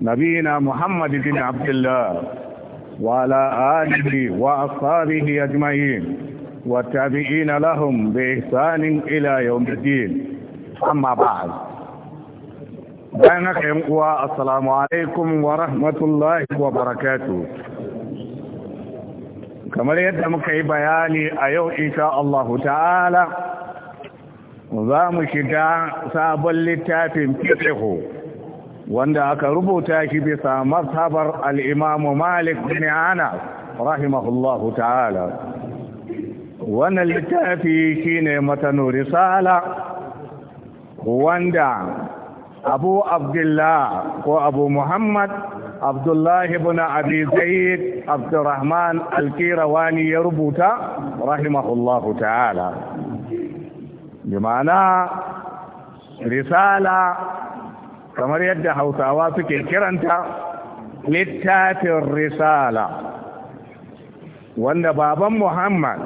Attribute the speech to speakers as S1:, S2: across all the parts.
S1: نبينا محمد بن عبد الله وعلى آله وأصحابه أجمعين والتابعين لهم بإحسان إلى يوم الدين أما بعد بينك ينقوى السلام عليكم ورحمة الله وبركاته kamar yadda muka yi bayani a yau insha Allahu ta'ala za mu shiga sabon littafin fiqhu wanda aka rubuta shi bisa mazhabar al'imamu malik bin ana rahimahullahu ta'ala wannan littafi shine matanu risala wanda abu abdullah ko abu muhammad abdullah ibn abi zaid abdurrahman al-kirawani ya rubuta rahimahullahu ta'ala bi ma'ana risala kamar yadda hausawa suke kiranta littafin risala wanda baban muhammad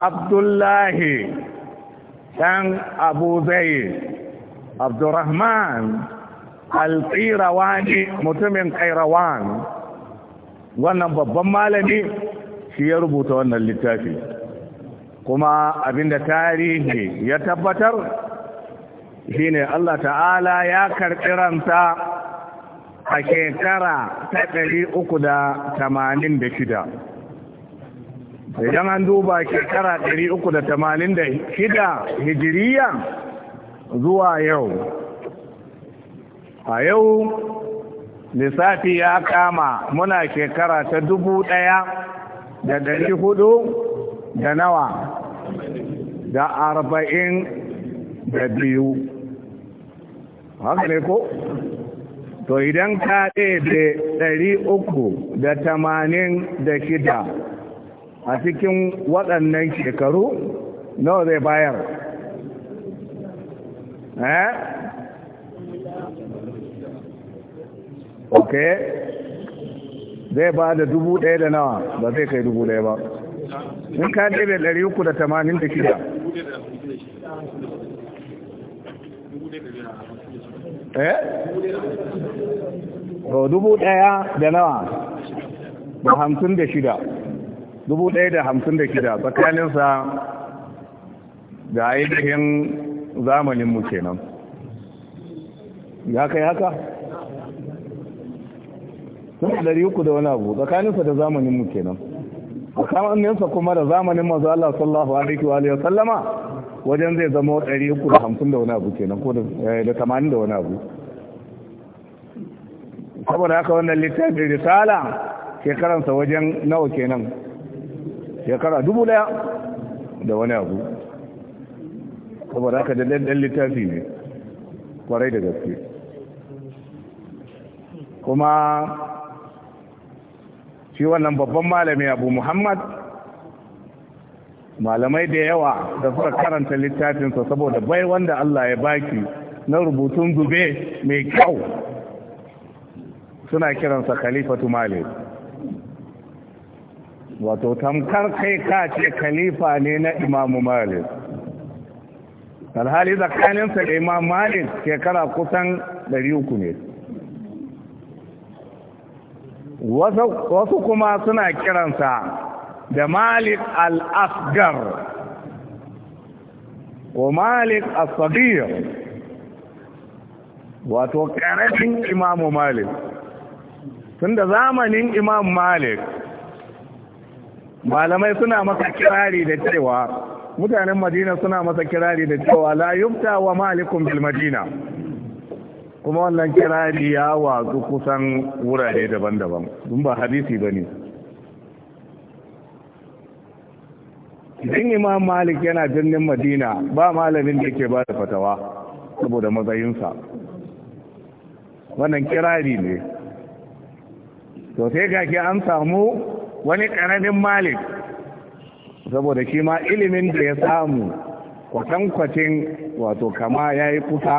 S1: abdullahi Dan, abu zai abdurrahman alƙirawani mutumin ƙairawan wannan babban malami shi ya rubuta wannan littafi kuma abinda tarihi ya tabbatar shine Allah ta'ala ya karɓi ransa a shekara ta ɗari uku da tamanin da shida idan an duba shekara ɗari uku da tamanin da shida hijiriya zuwa yau a yau lissafi ya kama muna shekara ta dubu ɗaya da ɗari hudu da nawa da arba'in da biyu haka ne ko to idan ka ɗebe ɗari uku da tamanin da shida a cikin waɗannan shekaru nawa zai bayar eh ok zai ba da dubu ɗaya da nawa ba zai kai dubu ɗaya ba in ka ɗebe ɗari uku da tamanin da shida eh dubu ɗaya da nawa da hamsin da shida dubu ɗaya da hamsin da shida tsakaninsa da ainihin zamaninmu kenan ya kai haka sun da ɗari uku da wani abu tsakaninsa da zamaninmu kenan tsakaninsa kuma da zamanin mazu Allah sallallahu alaihi wa sallama wajen zai zama ɗari uku da hamsin da wani abu kenan ko da eh, tamanin da wani abu saboda haka wannan littafin risala shekaransa wajen nawa kenan shekara dubu daya da wani abu saboda haka da ɗan littafi ne kwarai da gaske kuma shi wannan babban malami abu muhammad malamai da yawa da suka karanta littafinsa saboda bai wanda Allah ya baki na rubutun zube mai kyau suna kiransa khalifatu malik wato tamkar kai ka ce khalifa ne na imamu malik alhali tsakaninsa da imam malik shekara kusan 300 ne wasu kuma suna kiransa da malik al ko malik al wato ƙarfin imamu malik tun da zamanin imam malik malamai suna masa kirari da cewa mutanen madina suna masa kirari da cewa la yubta wa malikun bil madina kuma wannan kirari ya watsu kusan wurare daban-daban dun ba hadisi ba ne idan imam malik yana birnin madina ba malamin da ke ba da fatawa saboda matsayinsa wannan kirari ne to sai ga an samu wani karamin malik saboda shi ma ilimin da ya samu kwatankwacin wato kama ya yi kusa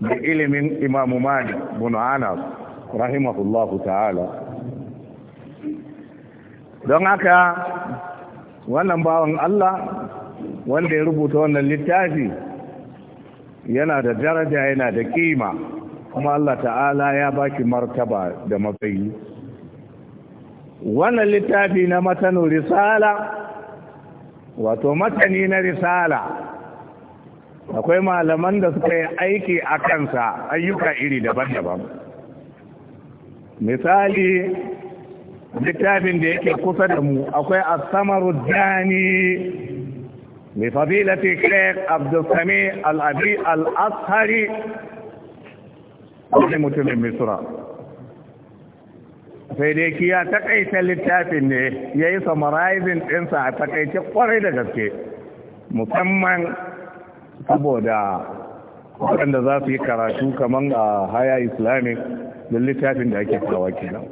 S1: da ilimin imamu malik bin anas rahimahullahu ta'ala don haka wannan bawan Allah wanda ya rubuta wannan littafi yana da daraja yana da kima kuma Allah ta'ala ya baki martaba da matsayi wannan littafi na matanu risala wato matani na risala akwai malaman da suka yi aiki a kansa ayyuka iri daban-daban misali littafin da yake kusa da mu akwai asamaru jani mai fadilati sheik abdulsami al'abi al'ashari wani mutumin misra sai dai kiya takaita littafin ne ya yi summarizing ɗinsa a takaice kwarai da gaske musamman saboda waɗanda za su yi karatu kamar a haya islamic da littafin da ake kawo kenan.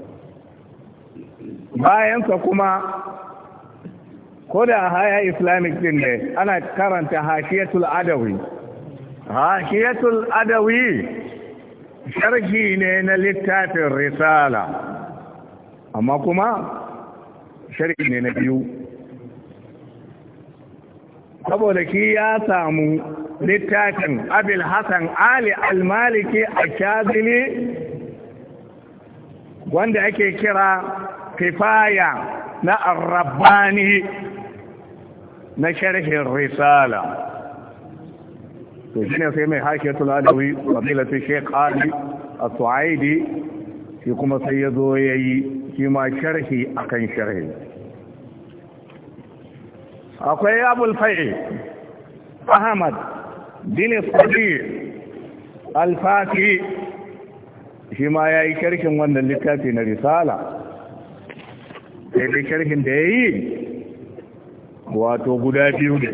S1: bayansa kuma ko da haya islamic din ne ana karanta hashiyatul adawi hashiyatul adawi sharhi ne na littafin risala amma kuma sharhi ne na biyu saboda ki ya samu littafin abil hassan ali almaliki a shazili wanda ake kira كفاية نا الرباني نا شرح الرسالة تجيني سيمي حاشية الألوي رضيلة الشيخ آلي الصعيدي يقوم سيدو يي كما شرحي أكن شرحي أخي أبو الفيح أحمد بن الصديق الفاتي كما يأي شرحي من اللي كاتين رسالة رسالة daidai sharhin da ya yi wato guda biyu ne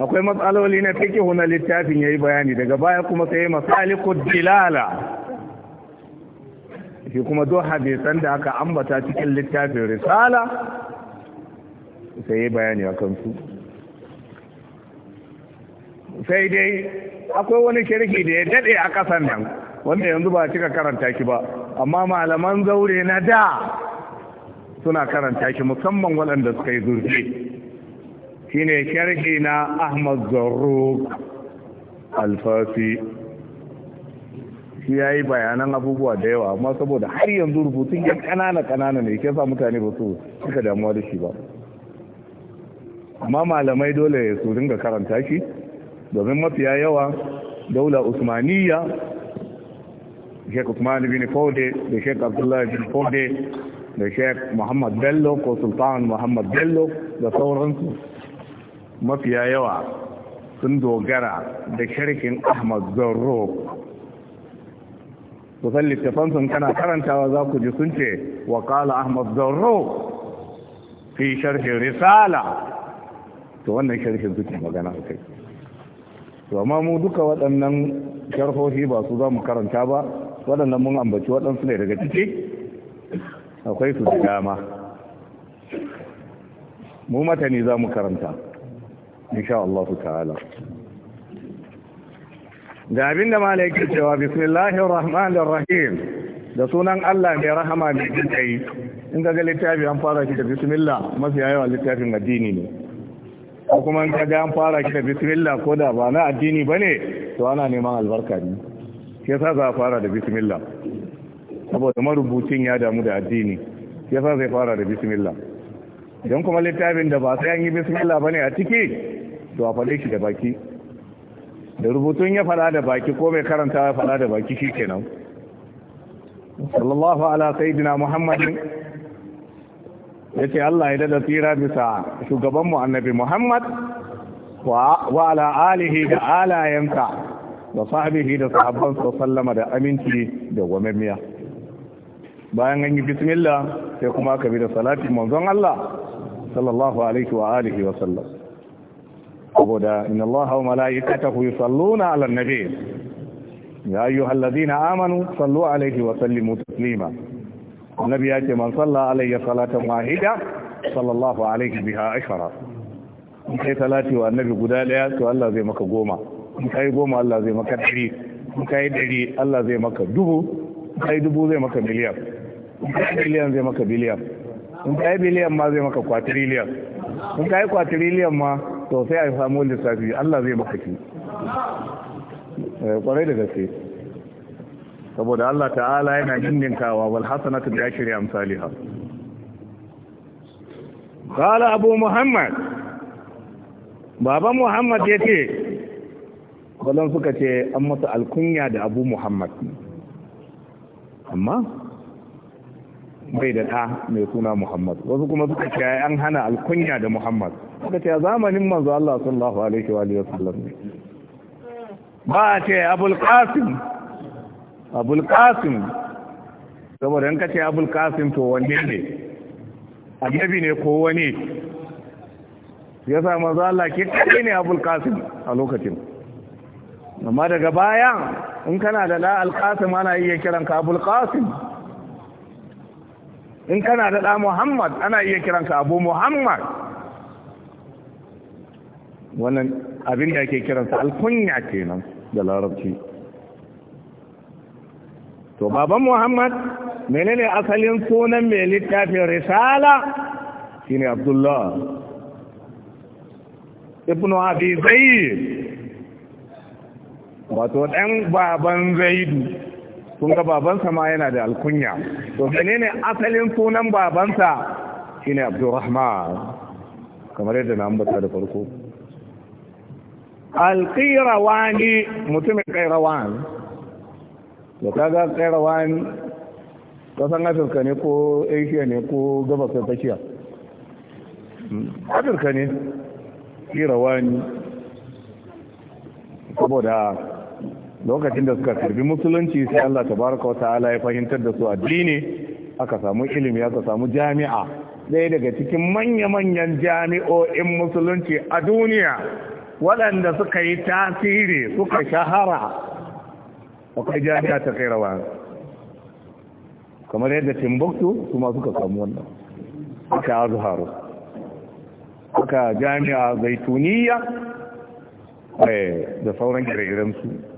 S1: akwai matsaloli na fiki na littafin ya yi bayani daga baya kuma sai masaliku dilala shi kuma duk hadisan da aka ambata cikin littafin risala sai yi bayani a kansu sai dai akwai wani shirki da ya daɗe a ƙasan nan wanda yanzu ba cika karanta ki ba amma malaman zaure na da suna karanta shi musamman waɗanda suka yi zurfi shine sharhi na Ahmad zarro Alfasi shi ya yi bayanan abubuwa da yawa amma saboda har yanzu rubutun ya kanana kanana ne ke sa mutane ba su suka damuwa da shi ba amma malamai dole ya su dinga karanta shi domin mafiya yawa daula usmaniya Sheikh Usman bin Fode da Sheikh abdullahi bin Fode da sheikh muhammad bello ko sultan muhammad bello da sauransu mafiya yawa sun dogara da shirkin ahmad zarro kusan sun kana karantawa za ku ji sun ce wa kala ahmad zarro fi sharhin risala to wannan sharhin suke magana a kai to amma mu duka waɗannan sharhohi ba su za mu karanta ba waɗannan mun ambaci waɗansu ne daga ciki akwai su da dama mu matani za mu karanta insha Allah ta'ala ga abin da yake cewa bismillahir rahmanir rahim da sunan Allah mai rahama mai jinkai in ga littafi an fara shi da bismillah mafi yawa littafin addini ne ko kuma in ga an fara shi da bismillah ko da ba na addini bane to ana neman albarka ne shi yasa za a fara da bismillah saboda marubucin ya damu da addini ya sa zai fara da bismillah don kuma littafin da ba sai an yi bismillah ne a ciki to a faɗe shi da baki da rubutun ya faɗa da baki ko mai karanta ya faɗa da baki shi kenan sallallahu ala sayyidina muhammadin ya ce Allah ya dada tsira bisa mu annabi Muhammad wa ala alihi da alayensa da sahabihi da sallama da aminci da gwamemmiya bayan an yi bismillah sai kuma aka bi da salati manzon Allah sallallahu alaihi wa alihi wa sallam saboda inna Allah wa mala'ikatahu yusalluna 'alan nabi ya ayyuhalladhina amanu sallu alaihi wa sallimu taslima annabi ya ce man salla alayya salatan wahida sallallahu alaihi biha ashara in kai salati wa annabi guda daya to Allah zai maka goma in kai goma Allah zai maka dari in kai dari Allah zai maka dubu kai dubu zai maka miliyan in ka yi biliyan zai maka biliyan in ka yi biliyan ma zai maka kwatiriliyan in ka yi kwatiriliyan ma to sai a samu lissafi Allah zai maka ki eh, kwarai da gaske saboda Allah ta'ala yana dindinkawa wal hasanatu bi ashri amsalha qala abu muhammad baba muhammad yace wannan suka ce an masa alkunya da abu muhammad amma bai da ɗa mai suna Muhammad wasu kuma suka ce an hana alkunya da Muhammad suka ce zamanin manzo Allah sallallahu alaihi wa alihi wasallam ba a ce Abul Qasim Abul Qasim saboda in ka ce Abul Qasim to wanne ne annabi ne ko wani ya sa manzo Allah ke kai ne Abul Qasim a lokacin amma daga baya in kana da la al-Qasim ana iya kiran ka Abul Qasim in kana da ɗa muhammad ana iya kiranka abu muhammad wannan abin da ake kiransa alkunya kenan da larabci to baban muhammad menene asalin sunan mai littafin risala shine abdullah ibn abi zaid wato ɗan baban zaidu kun ga babansa ma yana da alkunya to menene asalin sunan babansa shine Abdurrahman kamar yadda na ambata da farko alqirawani mutumin da ta ga qairawan kasan afirka ne ko asia ne ko gabas ta tsakiya afirka ne qirawani saboda lokacin da suka karbi musulunci sai Allah tabaraka wa ta'ala ya fahimtar da su addini aka samu ilimi aka samu jami'a ɗaya daga cikin manya-manyan jami'o'in musulunci a duniya waɗanda suka yi tasiri suka shahara akwai jami'a ta kai rawa kamar yadda timbuktu su ma suka samu wannan aka azharu aka jami'a zaituniya eh, da sauran kire su.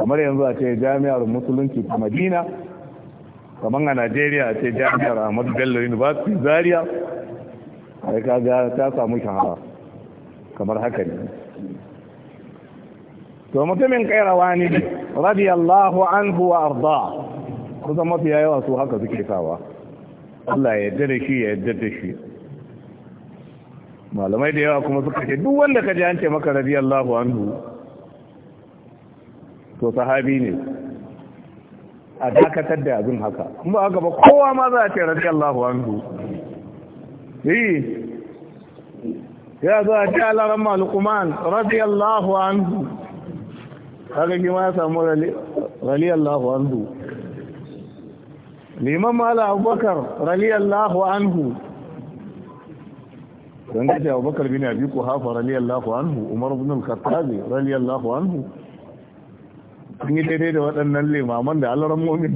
S1: kamar yanzu a ce jami'ar musulunci ta madina kamar a najeriya a ce jami'ar ahmadu bello university zaria sai kaga ta samu shahara kamar haka ne to mutumin kairawa ne radiyallahu anhu wa arda kusan mafiya yawa su haka suke sawa Allah ya yadda da shi ya yadda da shi malamai da yawa kuma suka ce duk wanda ka ji an ce maka radiyallahu anhu to sahabi ne a dakatar da abin haka kuma haka ba kowa ma za a ce Allahu anhu yi ya zo a ce alaran malukuman Allahu anhu haka ki ma ya samu Allahu anhu liman mala abubakar Allahu anhu don gaji abubakar bin hafa rali Allahu anhu umar bin al-khattabi Allahu anhu sun yi daidai da waɗannan limaman da momin.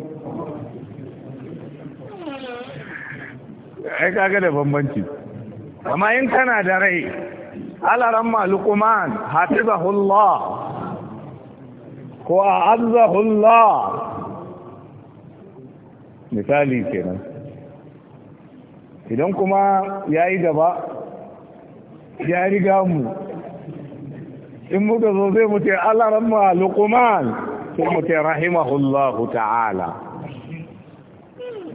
S1: ai kaga da bambanci amma in kana da rai alaramma luqman hafizahullah ko a'azzahullah misali kenan idan kuma ya yi gaba ya riga mu in muka zo zai mutu ce alaramma luqman sai mutum rahimahullahu ta'ala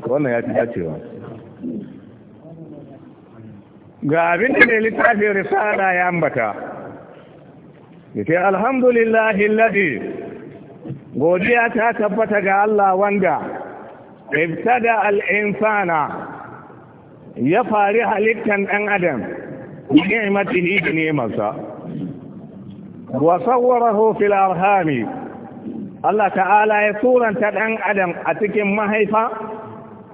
S1: wannan ya fi dacewa ga abin da ne littafin risala ya ambata yake alhamdulillah ladi godiya ta tabbata ga Allah wanda ibtada al ya fari halittan ɗan adam ni'matihi da wa sawwarahu fil arhami Allah ta'ala ya suranta ɗan adam a cikin mahaifa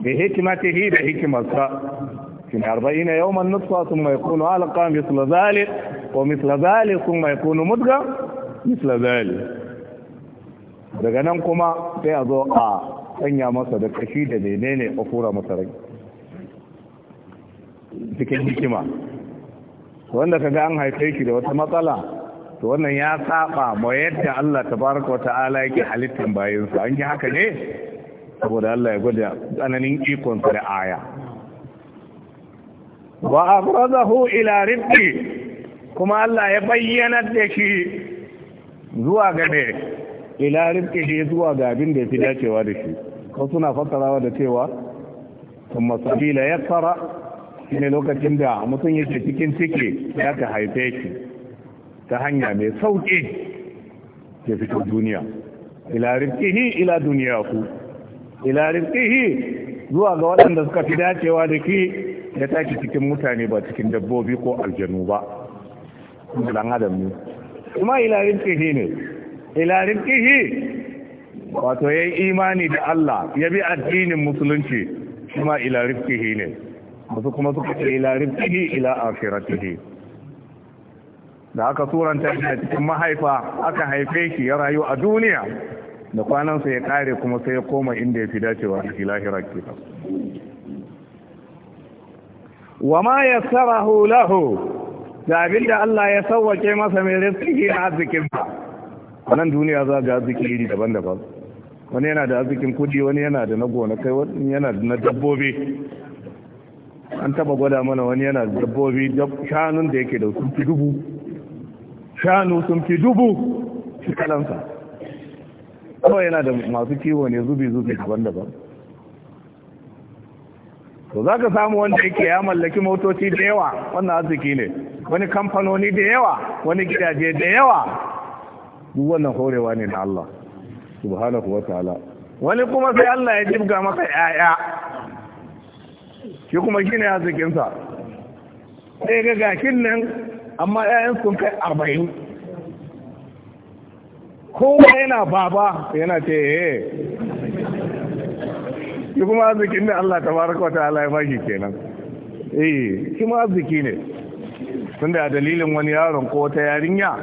S1: da hikimatihi da hikimarsa في أربعين يوما نطفة ثم misla علقة مثل misla ومثل ذلك ثم يكون مدغة misla ذلك daga nan kuma sai a zo a sanya masa da kashi da menene a fura masa rai cikin hikima wanda kaga an haife shi da wata matsala to wannan ya saba ma yadda Allah tabaraka wa ta'ala yake halittar bayansa an yi haka ne saboda Allah ya gwada tsananin ikon sa da aya wa afradahu ila rifqi kuma Allah ya bayyana da shi zuwa ga ne ila shi zuwa ga abin da fi dacewa da shi ko suna fassarawa da cewa kuma sabila ya fara ne lokacin da mutum yake cikin ciki ya ka haife shi ta hanya mai sauƙi ya fito duniya ila rizqihi ila duniyaku ila rizqihi zuwa ga waɗanda suka fi dacewa da ki ya tashi cikin mutane ba cikin dabbobi ko aljanu ba dan adam ne kuma ila rizqihi ne ila rizqihi wato yi imani da Allah ya bi addinin musulunci kuma ila rizqihi ne wasu kuma suka ce ila rizqihi ila akhiratihi da aka suranta shi cikin mahaifa aka haife shi ya rayu a duniya da kwanansa ya kare kuma sai ya koma inda ya fi dacewa a lahira kita wa ma yassarahu lahu da abinda Allah ya sauwake masa mai rizki na arzikin sa wannan duniya za ga arziki iri daban-daban wani yana da arzikin kudi wani yana da na kai, wani yana da na dabbobi an taba gwada mana wani yana da dabbobi shanun da yake da su dubu kanu sun fi dubu kalansa. kawai yana da masu kiwo ne zubi-zubi daban-daban to za ka samu wanda yake ya mallaki motoci da yawa wannan arziki ne wani kamfanoni da yawa wani gidaje da yawa duk wannan horewa ne na Allah subhanahu wa ta'ala wani kuma sai Allah ya jibga masa yaya shi kuma shi ne arzikinsa sai ga gashin nan amma 'ya'yan sun kai arba'in kowa yana baba yana ce ya eh. yi kuma arzikin ne Allah ta baraka wata ala baki kenan E, shi ma arziki ne tunda a dalilin wani yaron ko wata yarinya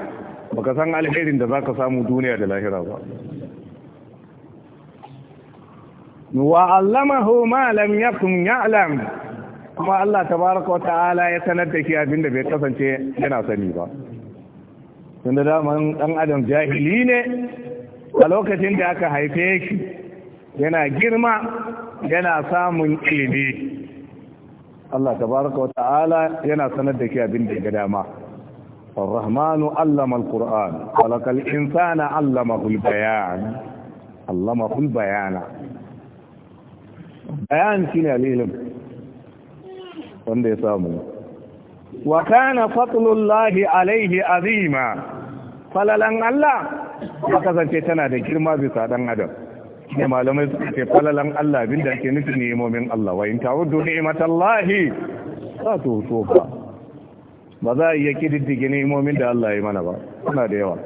S1: baka san alherin da za ka samu duniya da lahira ba wa allamahu ma lam yakun ya'lam kuma Allah tabaraka wata'ala ya sanar da shi abinda bai kasance yana sani ba tunda daman dan adam jahili ne a lokacin da aka haife shi yana girma yana samun ilimi Allah tabaraka wata'ala yana sanar da shi abinda ya dama الرحمن علم القرآن خلق الإنسان علمه البيان علمه البيان بيان wanda ya samu wa kana fadlullahi alaihi azima falalan Allah ya kasance tana da girma bisa dan adam ne malamai suka ce falalan Allah bin da ke nufi ni'imomin Allah wa in ta'uddu ni'matallahi la tuhsuha ba Ba za a iya kididdige ni'imomin da Allah ya mana ba suna da yawa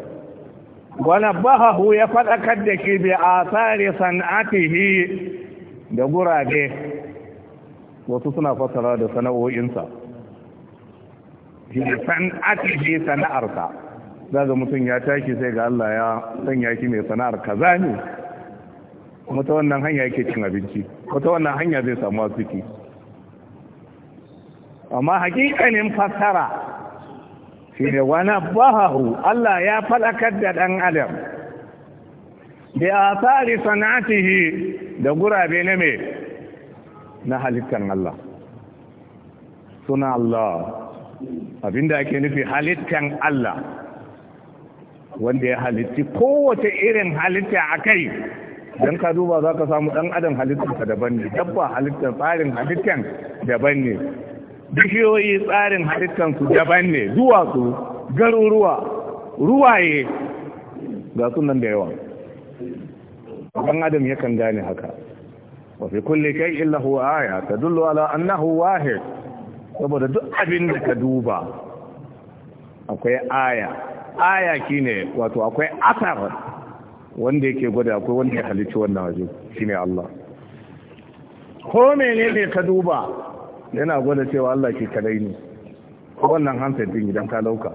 S1: wa hu ya fadakar da shi bi asari san'atihi da gurabe wasu suna fasara da sana'o'insa shi san'atihi sana'arsa za ga mutum ya tashi sai ga Allah ya sanya shi mai sana'ar kaza ne kuma ta wannan hanya yake cin abinci wata wannan hanya zai samu asiki amma hakikanin fassara shine ne wani baharu Allah ya falakar da ɗan adam bi asari sana'atihi da gurabe na mai na halittar Allah suna Allah abinda ake nufi halittar Allah wanda ya halitti kowace irin halitta a kai don ka duba za ka samu ɗan adam halittarsa daban ne dabba halittar tsarin halittar daban ne bishiyoyi tsarin halittarsu daban ne duwatsu garuruwa ruwaye ga sunan da yawa ɗan adam yakan gane haka wafi kulle kai illahu aya ta dullu ala annahu wahid saboda duk abin da ka duba akwai aya aya ne wato akwai asar wanda yake gwada akwai wanda ya halicci wannan waje shine Allah ko menene ka duba yana gwada cewa Allah ke kadai ne wannan hansa din idan ka lauka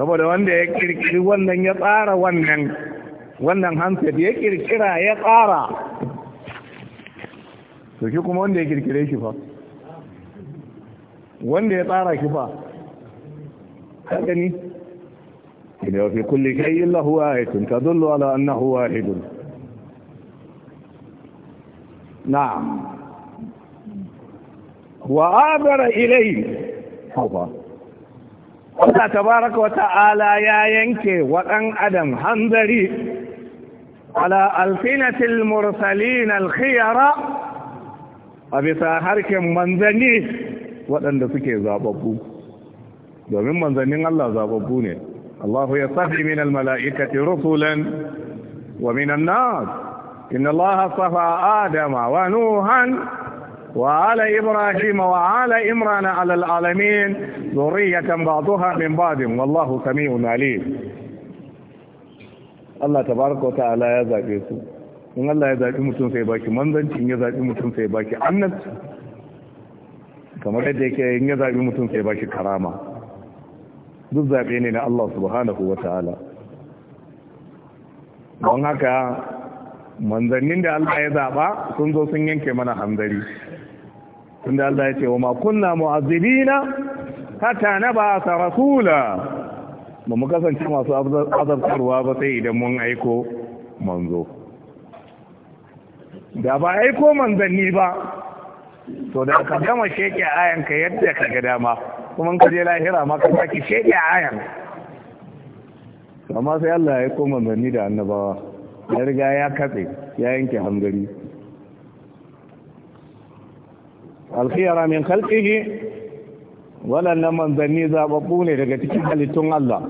S1: saboda wanda ya kirkiri wannan ya tsara wannan wannan handset ya kirkira ya tsara to shi kuma wanda ya kirkire shi fa wanda ya tsara shi fa ka gani ina fi kulli shay'in lahu ayatun tadullu ala annahu wahidun na'am wa abara ilayhi hawa Allah tabaraka wa ta'ala ya yanke wa ɗan adam hanzari على ألفنة المرسلين الخيرة وبطاهرك منذني وأن دفك زاببو ومن منذني الله زاببوني الله يصفي من الملائكة رسلا ومن الناس إن الله صفى آدم ونوحا وعلى إبراهيم وعلى إمران على العالمين ذرية بعضها من بعض والله سميع عليم Allah tabaraka wa ta'ala ya zabe su in Allah ya zabi mutum sai baki manzanci in ya zabi mutum sai baki annabci kamar yadda yake in ya zabi mutum sai baki karama duk zabe ne na Allah subhanahu wa ta'ala don haka manzannin da Allah ya zaba sun zo sun yanke mana hanzari tunda Allah ya ce wa ma kunna mu'azzibina hatta naba'atha rasula ba mu kasance masu azabtarwa ba sai idan mun aiko manzo da ba aiko manzanni ba to da ka gama sheke ayan ka yadda ka ga dama kuma ka je lahira ma ka saki sheke ayan amma sai Allah ya aiko manzanni da annabawa ya riga ya katse ya yanke hangari alkhiyara min khalqihi waɗannan manzanni zaɓaɓɓu ne daga cikin halittun Allah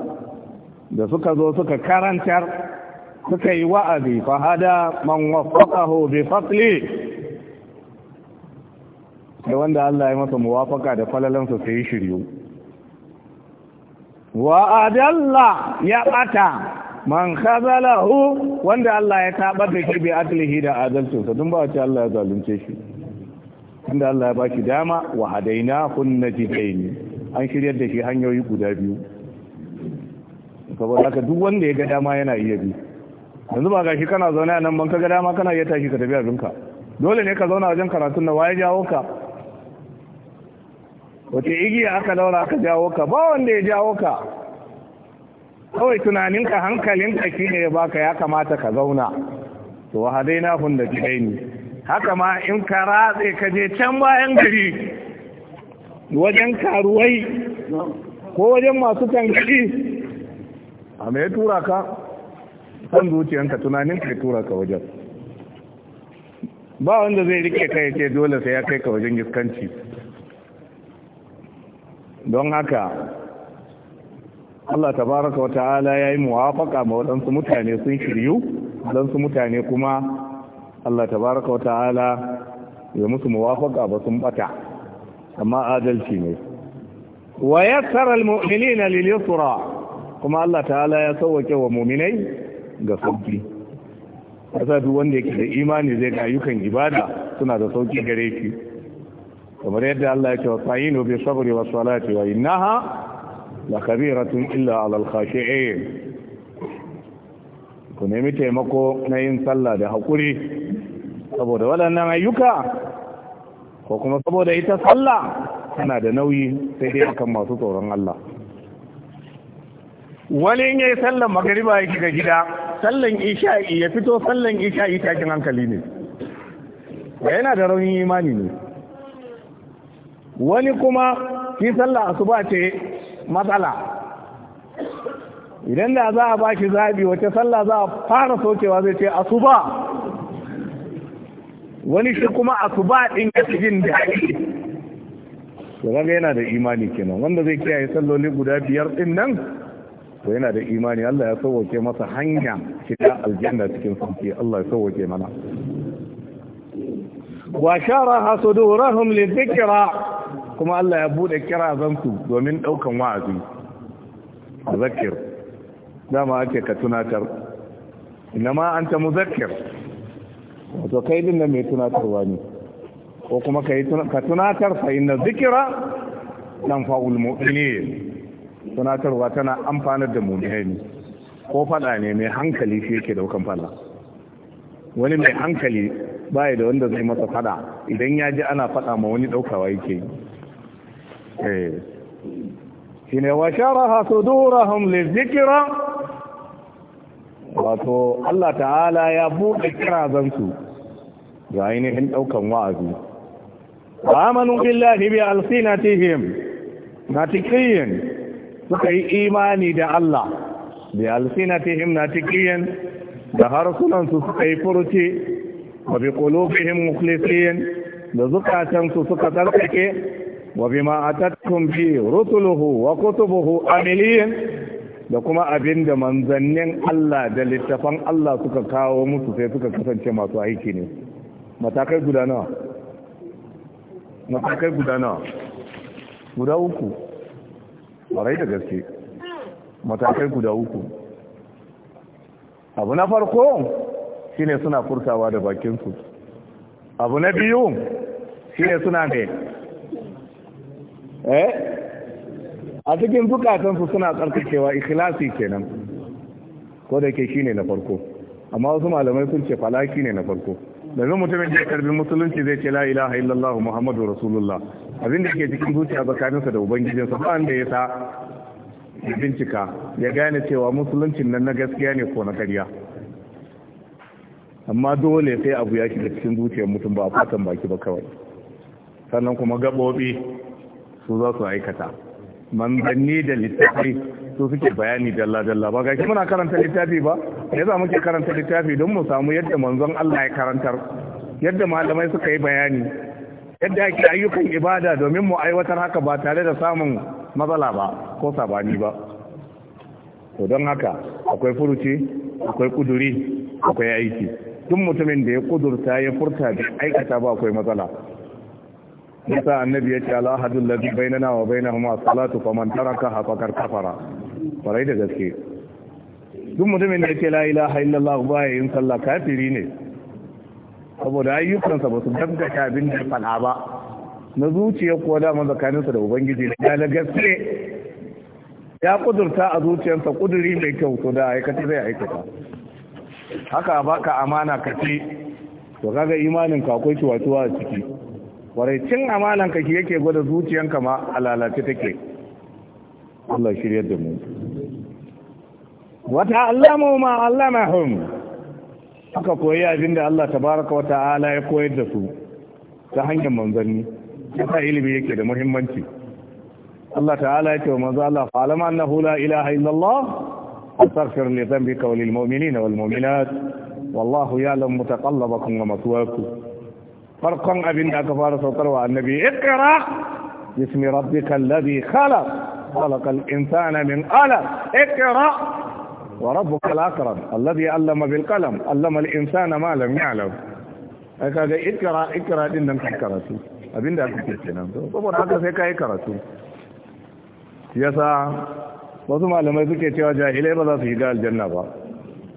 S1: da suka zo suka karantar suka yi wa'azi fahada man wafaqahu bi fasli. sai wanda Allah ya masa muwafaka da falalansa sai yi shiryu wa ya ɓata man khazalahu wanda Allah ya taɓar da shi bi adlihi da adalcinsa dun ba wace Allah ya zalunce shi tunda Allah ya baki dama wa hadaina kun najidaini an shiryar da shi hanyoyi guda biyu saboda ka duk wanda ya ga dama yana iya bi yanzu ba shi kana zaune a nan ban ka ga dama kana iya tashi ka tafi abinka dole ne ka zauna wajen karatun na waye jawo ka wace igiya aka daura aka jawo ka ba wanda ya jawo ka kawai tunaninka hankalinka shi ne ya baka ya kamata ka zauna to wa hadaina hun da kidaini haka ma in ka ratse ka je can bayan gari wajen karuwai ko wajen masu tankali a mai tura ka kan zuciyanka tunanin ka tura ka wajen ba wanda zai rike kai ce dole sai ya kai ka wajen giskanci don haka Allah tabaraka wa ta'ala ya yi muwafaka ma waɗansu mutane sun shiryu waɗansu mutane kuma Allah tabaraka wa ta'ala ya musu muwafaka ba sun bata amma adalci ne wa yassara almu'minina lil yusra kuma Allah ta'ala ya sauke wa mu'minai ga sauki kasa duk wanda yake da imani zai ga ayyukan ibada suna da sauki gare shi kamar yadda Allah ya ce wa sa'inu bi sabri was salati wa innaha la kabiratun illa ala al ku nemi taimako na yin sallah da haƙuri saboda waɗannan ayyuka ko kuma saboda ita sallah tana da nauyi sai dai akan masu tsoron Allah wani in yayi sallan magariba ya shiga gida sallan isha'i ya fito sallan isha'i takin hankali ne yana da raunin imani ne wani kuma shi sallah asuba ce matsala idan da za a baki zabi wace sallah za a fara sokewa zai ce asuba wani shi kuma asuba ɗin ya fi jin yana da imani kenan wanda zai kiyaye salloli guda biyar ɗin nan to yana da imani Allah ya sauwake masa hanya shiga aljanna cikin sauki Allah ya sauwake mana wa sharaha sudurahum lidhikra kuma Allah ya bude kirazansu domin daukan wa'azi zakir dama ake ka tunatar inma anta muzakkir wato kai din nan mai tunatarwa ne ko kuma ka tunatar fa inna zikira dan fa'ul mu'minin tunatarwa tana amfanar da mu'mini ko fada ne mai hankali shi yake daukan fada wani mai hankali baya da wanda zai masa fada idan ya ji ana fada ma wani daukawa yake eh shine wa sharaha sudurahum lizikra wato Allah ta'ala ya buɗe kirazansu ga ainihin ɗaukan wa'azi amanu billahi bi na tikiyin suka yi imani da Allah bi na tikiyin da harsunansu su suka yi furuci wa bi qulubihim mukhlisin da zukatansu suka tsarkake wa bi ma'atattun bi rusuluhu wa kutubuhu amiliyin da kuma abin da manzannin Allah da littafan Allah suka kawo musu sai suka kasance masu aiki ne matakai guda nawa matakai guda nawa guda uku warai da gaske matakai guda uku abu na farko shine suna furtawa da bakinsu abu na biyu shine suna ne eh a cikin zukatansu suna tsarkakewa ikhlasi kenan ko da ke shine na farko amma wasu malamai sun ce falaki ne na farko zan mutumin da ya karbi musulunci zai ce la ilaha illallah muhammadu rasulullah abinda ke cikin zuciya tsakaninsa da ubangijinsa ba da ya sa bincika ya gane cewa musuluncin nan na gaskiya ne ko na karya amma dole sai abu ya shiga cikin zuciyar mutum ba a fatan baki ba kawai sannan kuma gaɓoɓi su za su aikata manzanni da littafi su suke bayani dalla-dalla ba ga muna karanta littafi ba ya za muke karanta littafi don mu samu yadda manzon Allah ya karantar yadda malamai suka yi bayani yadda ake ayyukan ibada domin mu aiwatar haka ba tare da samun matsala ba ko sabani ba to don haka akwai furuci akwai kuduri akwai aiki duk mutumin da ya kudurta ya furta da aikata ba akwai matsala yasa annabi ya ce ala lafi bainana wa bainahum as-salatu faman tarakaha faqad kafara farai da gaske duk mutumin da yake la ilaha illallah ba ya yin sallah kafiri ne saboda ayyukansa ba su ta abin da fana ba na zuciya kuwa dama zakaninsa da ubangiji da ya gaske ya kudurta a zuciyarsa kuduri mai kyau to da aikata zai aikata haka baka amana ka ce to kaga imanin ka akwai ciwatuwa a ciki kwarai cin amananka shi yake gwada zuciyanka ma a lalace take Allah shiryar da mu wata allamu ma allamahum suka koyi abin da Allah tabaraka wa ta'ala ya koyar da su ta hanyar manzanni yasa ilimi yake da muhimmanci Allah ta'ala ya ce wa manzo Allah fa annahu la ilaha illallah astaghfir li dhanbika wa lil mu'minina wal mu'minat wallahu ya'lamu mutaqallabakum wa maswaakum farkon abin da aka fara saukarwa annabi ikra bismi rabbika خلق الانسان من قلم اقرا وربك الاكرم الذي علم بالقلم علم الانسان ما لم يعلم اقرا اقرا اقرا دين نك كراتو ابين ده كيف اقرا بابا هذا سي كاي كراتو يسا بعض العلماء سكي تيوا جاهل ما ذا في دار الجنه با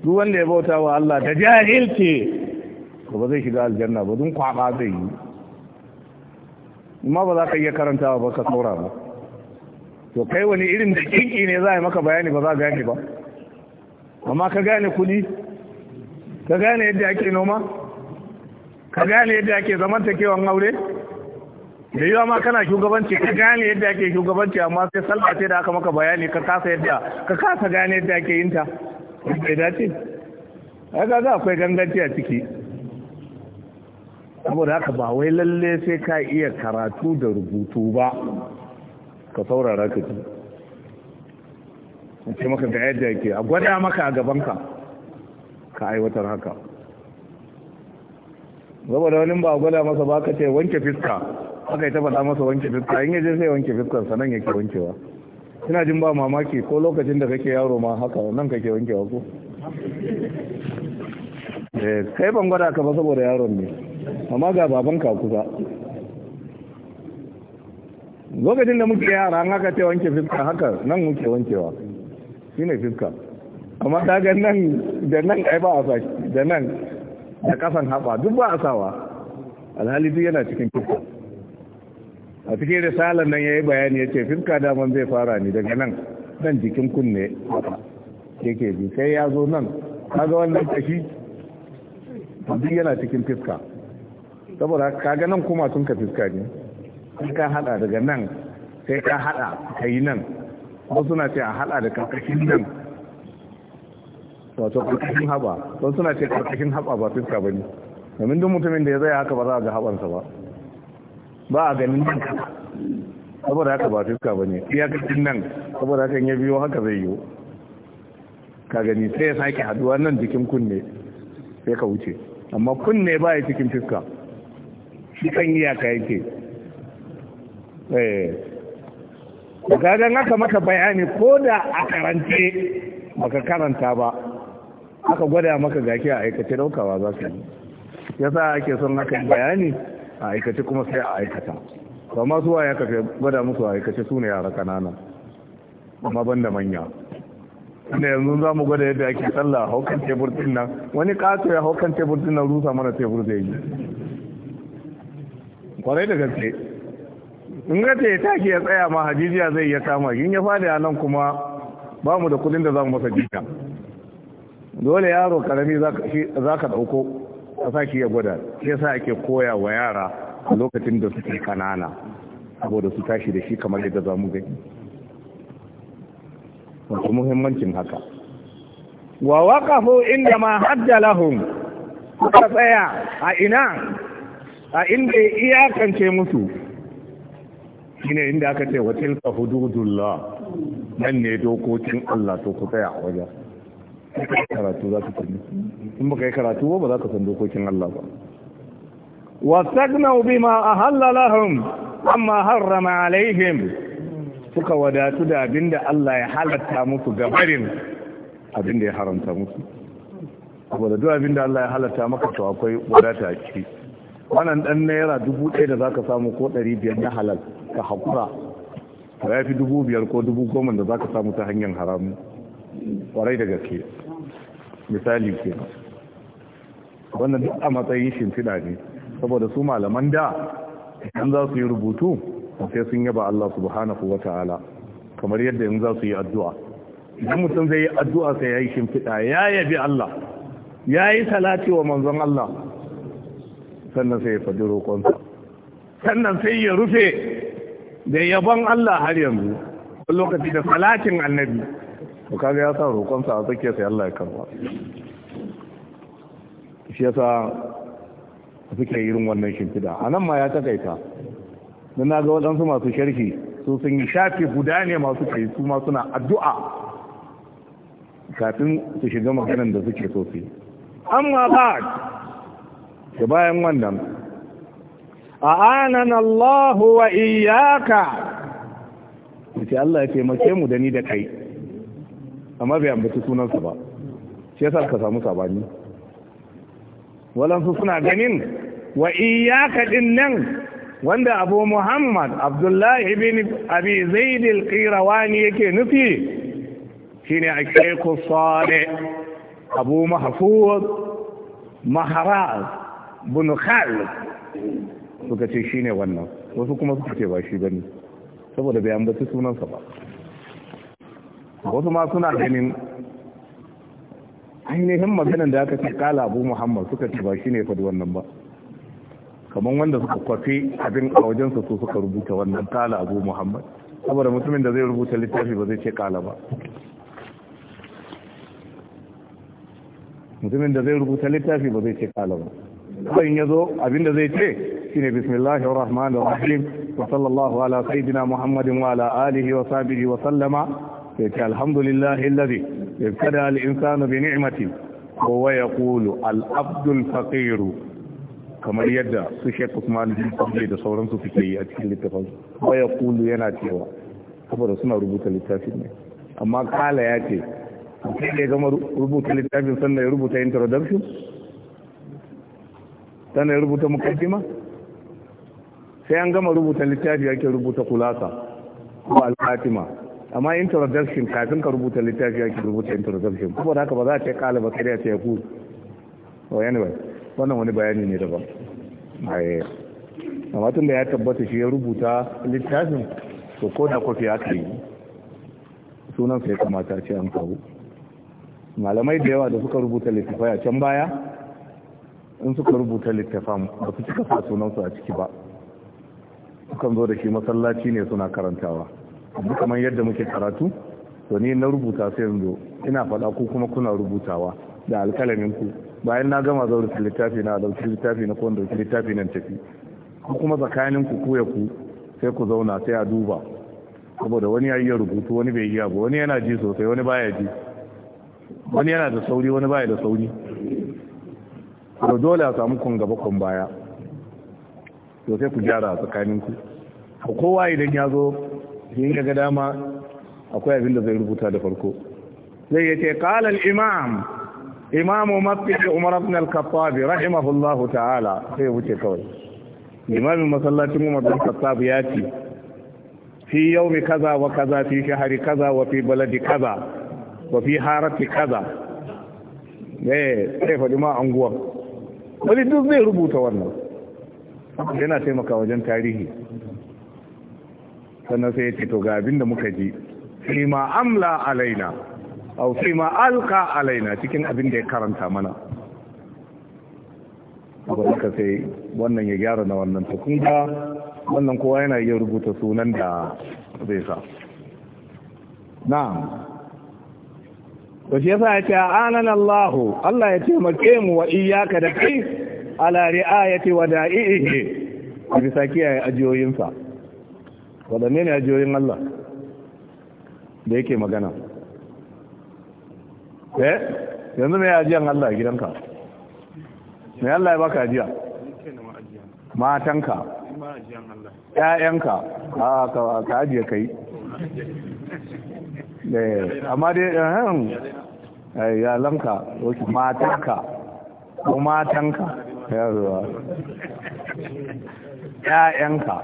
S1: دو وند يبوتا الله to ba zai shiga aljanna ba dun kwaba zai yi amma ba za ka iya karanta ba ka saura ba to kai wani irin da kinki ne za a yi maka bayani ba za a gane ba amma ka gane kudi ka gane yadda ake noma ka gane yadda ake zamantakewan aure da yiwa ma kana shugabanci ka gane yadda ake shugabanci amma sai sallah ce da aka maka bayani ka kasa yadda ka kasa gane yadda ake yinta ta bai dace ai kaga akwai ganganci a ciki saboda haka ba wai lalle sai ka iya karatu da rubutu ba ka saurara ka ji ce maka da yadda yake a gwada maka a gabanka ka aiwatar haka saboda wani ba a gwada masa ba ka ce wanke fiska aka yi ta faɗa masa wanke fiska in yaje sai wanke fiskar sanan yake wankewa ina jin ba mamaki ko lokacin da kake yaro ma haka nan kake wankewa ko eh, kai ban gwada ka ba saboda yaron ne amma ga baban ka kusa lokacin da muke yara an haka ce wanke fiska haka nan muke wankewa shi ne fiska amma ta ga nan da nan ai ba a sa da nan da kasan haɓa duk ba a sawa alhali duk yana cikin fiska a cikin risalar nan ya yi bayani ya ce fiska daman zai fara ne daga nan nan jikin kunne yake bi sai ya zo nan kaga wannan kashi duk yana cikin fiska saboda kaga nan kuma sun ka fiska ne sai ka hada daga nan sai ka hada ka yi nan wasu suna ce a hada da karkashin nan wato karkashin haba wasu suna ce karkashin haba ba fiska ba ne domin duk mutumin da ya zai haka ba za a ga habansa ba ba a ganin nan saboda haka ba fiska ba ne karkashin nan saboda haka ya biyo haka zai yiwu ka gani sai ya sake haduwa nan jikin kunne sai ka wuce amma kunne ba ya cikin fiska shi kan iyaka yake eh kaga aka maka bayani ko da a karance baka karanta ba aka gwada maka gaki a aikace daukawa za su yi ya sa ake son haka bayani a aikace kuma sai a aikata ba ma zuwa ya kafe gwada musu a aikace su ne yara kanana amma ban da manya inda yanzu za mu gwada yadda ake sallah haukan tebur nan wani kato ya haukan tebur nan rusa mana tebur zai yi kwarai da gaske in ga ta ke ya tsaya ma hajijiya zai iya kama in ya faɗi a nan kuma ba mu da kudin da za mu masa jika dole yaro karami za ka ɗauko a saki ya gwada ya sa ake koya wa yara a lokacin da suke kanana saboda su tashi da shi kamar yadda za mu gani wato muhimmancin haka wa waƙafu inda ma hajja suka tsaya a ina a inda ya iyakance musu shine inda aka ce wa ka hududullah nan ne dokokin Allah to ku tsaya a wajen karatu za ka sani in baka yi karatu ba za ka san dokokin Allah ba wastagnau bima ahalla lahum amma harrama alaihim suka wadatu da abinda Allah ya halatta musu gabarin abinda ya haramta musu saboda duk abinda Allah ya halatta maka to akwai wadata a ciki wannan dan naira dubu ɗaya da zaka samu ko ɗari biyar na halal ka haƙura ya fi dubu biyar ko dubu goma da zaka samu ta hanyar haramu ƙwarai da gaske misali ke wannan duk a matsayin shimfiɗa ne saboda su malaman da idan za su yi rubutu sai sun yaba Allah subhanahu wa ta'ala kamar yadda in za su yi addu'a idan mutum zai yi addu'a sai ya yi shimfiɗa ya yabi Allah ya yi salati wa manzon Allah sannan sai ya faɗi roƙonsa sannan sai ya rufe da yabon Allah har yanzu A lokaci da salatin annabi to kaga ya sa roƙonsa a tsakiyar sai Allah ya karba shi sa suke irin wannan shimfida a nan ma ya takaita don na ga waɗansu masu sharhi su sun yi shafi guda ne masu kai su ma suna addu'a kafin su shiga maganin da suke sosai. amma ba to bayan wannan a'anana Allah wa iyyaka sai Allah ya taimake mu da ni da kai amma bai ambaci sunansa ba shi yasa ka samu sabani walansu suna ganin wa iyyaka din nan wanda abu muhammad abdullahi bin abi zaidil al-qirawani yake nufi shine akeku sare abu mahfuz maharaz bin khal suka ce shine wannan wasu kuma suka ce ba shi bane saboda bai ambaci sunansa ba wasu ma suna ganin ainihin maganan da aka ce kala abu muhammad suka ce ba shi ne faɗi wannan ba kamar wanda suka kwafi abin a wajensa su suka rubuta wannan kala abu muhammad saboda mutumin da zai rubuta littafi ba zai ce kala ba mutumin da zai rubuta littafi ba zai ce kala ba bayan yazo zo abinda zai ce shine bismillahir rahmanir rahim wa sallallahu ala sayyidina muhammadin wa ala alihi wa sahbihi wa sallama sai ce alhamdulillahi alladhi ibtada al-insanu bi ni'mati wa yaqulu al-abdul faqir
S2: kamar yadda
S1: su Sheikh Usman bin Fadli da sauransu suke yi a cikin littafin wa yaqulu yana cewa saboda suna rubuta littafin ne amma kala ya ce sai da gama rubuta littafin sannan ya rubuta introduction tana rubuta mukaddima sai an gama rubuta littafi ake rubuta kulasa ko al-fatima amma introduction kafin ka rubuta littafi ake rubuta introduction kuma da haka ba za ta ce kala ba sai ce ku to oh, anyway wannan wani bayani ne daban amma tun da ya tabbata shi ya rubuta littafin to ko da kofi aka yi sunan sai kamata ce an kawo malamai da yawa da suka rubuta littafai a can baya in suka rubuta littafan ba su cika sa sunansu a ciki ba sukan zo da shi masallaci ne suna karantawa duk kamar yadda muke karatu to ni na rubuta sai yanzu ina faɗa ku kuma kuna rubutawa da alkalamin ku bayan na gama zaure su littafi na dauki littafi na kowanda dauki littafi nan tafi ku kuma tsakanin ku ku ya ku sai ku zauna sai a duba saboda wani ya yi rubutu wani bai yi ba wani yana ji sosai wani baya ji wani yana da sauri wani baya da sauri to dole a samu kun gaba kun baya to sai ku gyara tsakanin ku kowa idan ya zo yin ga dama akwai abin da zai rubuta da farko zai yace qala al imam imamu masjid umar ibn al khattab rahimahullahu ta'ala sai wuce kawai imam masallacin umar bin khattab ya ce fi yaumi kaza wa kaza fi shahri kaza wa fi baladi kaza wa fi harati kaza eh sai faɗi ma anguwar wani duk zai rubuta wannan yana taimaka wajen tarihi sannan sai ya ce to ga abin da muka ji fi ma amla alaina au fi ma alka alaina cikin abin da ya karanta mana ka sai wannan ya gyara na wannan ta kunga wannan kowa yana iya rubuta sunan da zai sa na'am to shi yasa yace anan Allahu Allah ya taimake mu wa iyyaka da kai ala riayati wada'ihi a bisa ajoyin ajiyoyinsa wadanne ne ajiyoyin Allah da yake magana eh yanzu me ajiyan Allah gidanka me Allah ya baka ajiya matanka ƴaƴanka ah, a ka ajiye kai Eh, amma dai eh, yalanka wasu matanka ko matanka yaruwa ƴaƴanka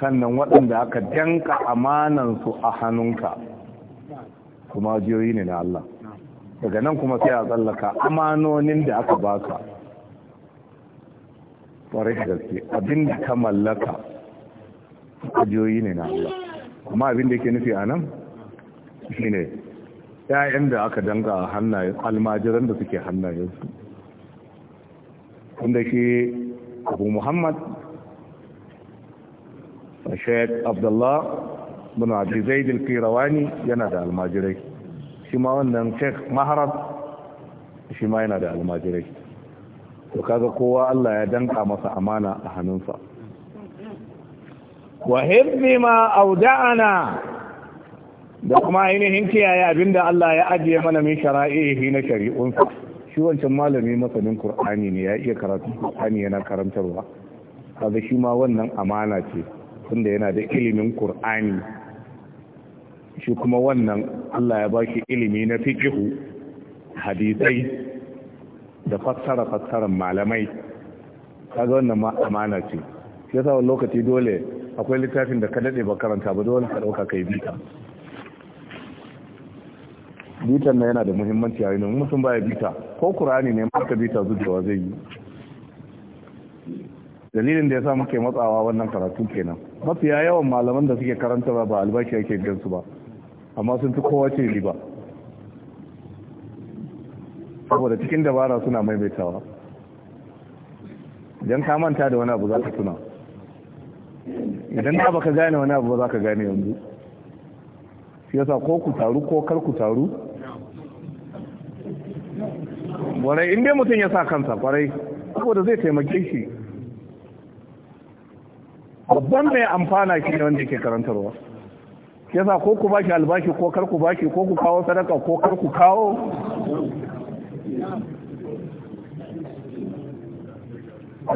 S1: sannan waɗanda aka danka amanansu a hannunka kuma jiyoyi ne na Allah daga nan kuma sai a tsallaka amanonin da aka baka ƙwarar da gaske abin da ka mallaka jiyoyi ne na Allah amma abin da yake nufi a nan shine ƴaƴan da aka danga a hannayen almajiran da suke hannayensu inda shi abu muhammad shayar abdullah bin abi zaid yana da almajirai shi ma wannan sheikh maharab shi ma yana da almajirai to kaga kowa Allah ya danka masa amana a hannunsa wa hibbi ma auda'ana da kuma ainihin kiyaye abinda Allah ya ajiye mana min shara'ihi na shari'unsa shi wancan malami masanin Qur'ani ne ya iya karatu Qur'ani yana karantarwa kaga shi ma wannan amana ce tunda yana da ilimin Qur'ani shi kuma wannan Allah ya bashi ilimi na fiqhu hadisai da fassara fassaran malamai kaga wannan ma amana ce yasa wani lokaci dole akwai littafin da ka daɗe ba karanta ba dole ka ɗauka kai bita bitan na yana da muhimmanci a yanayin mutum baya bita ko kur'ani ne maka bita zuciya zai yi dalilin da ya sa muke matsawa wannan karatu kenan mafiya yawan malaman da suke karanta ba albashi ake gansu ba amma sun fi kowa ce riba saboda cikin dabara suna maimaitawa idan ka manta da wani abu za ka tuna idan na baka gane wani abu ba za ka gane yanzu shi yasa ko ku taru ko kar ku taru warai inda mutum ya sa kansa kwarai saboda zai taimake shi babban mai amfana shi ne wanda yake karantarwa yasa ko ku bashi albashi ko kar ku baki ko ku kawo sadaka ko kar ku kawo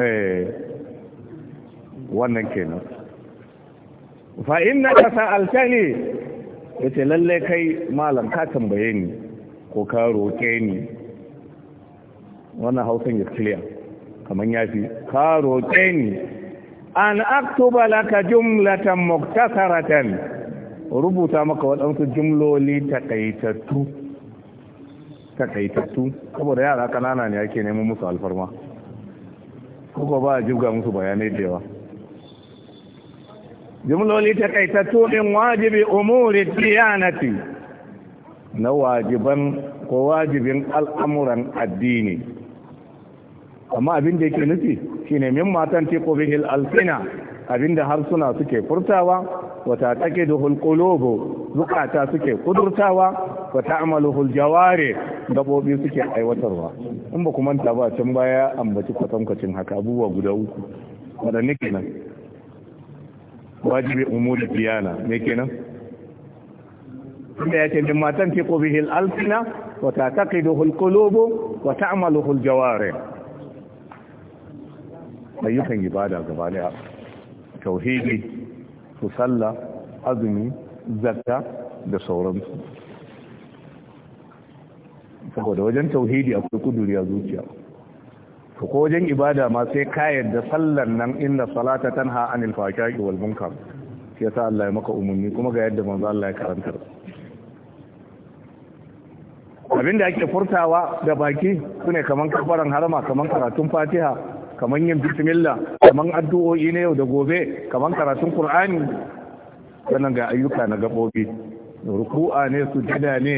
S1: eh wannan kenan fa inna ka sa'altani yace lallai kai malam ka tambaye ni ko ka roke ni wannan hausan ya clear ya yafi ka roke ni an aktuba laka jumlatan muktasaratan rubuta maka waɗansu jumloli takaitattu takaitattu saboda yara ƙanana ne ake neman musu alfarma ko ba a jibga musu bayanai da yawa ta takaitattu min wajibi umuri diyanati na wajiban ko wajibin al'amuran addini amma abin da yake nufi shine min matan ko bihil alfina abinda harsuna suke furtawa wata take da hulƙulobo zukata suke kudurtawa wata amala jaware gabobi suke aiwatarwa in ba kuma ta ba can baya ambaci kwatankwacin haka abubuwa guda uku waɗanne kenan wajibi umuri biyana ne kenan tunda yake din matan fi qubihi alfina alsina wa ta'taqiduhu al-qulub wa ayyukan ibada gaba tauhidi Fusalla, salla azumi zakka da sauransu saboda wajen tauhidi akwai kuduri a zuciya to ko wajen ibada ma sai ka yadda sallan nan inna salata tanha anil fahsha'i wal munkar sai sa Allah ya maka umumi kuma ga yadda manzo Allah ya karanta abin da ake furtawa da baki sune kaman kafaran harama kaman karatun fatiha kaman yin bismillah kaman addu'o'i na yau da gobe kaman karatun qur'ani sannan ga ayyuka na gabobi ruku'a ne sujada ne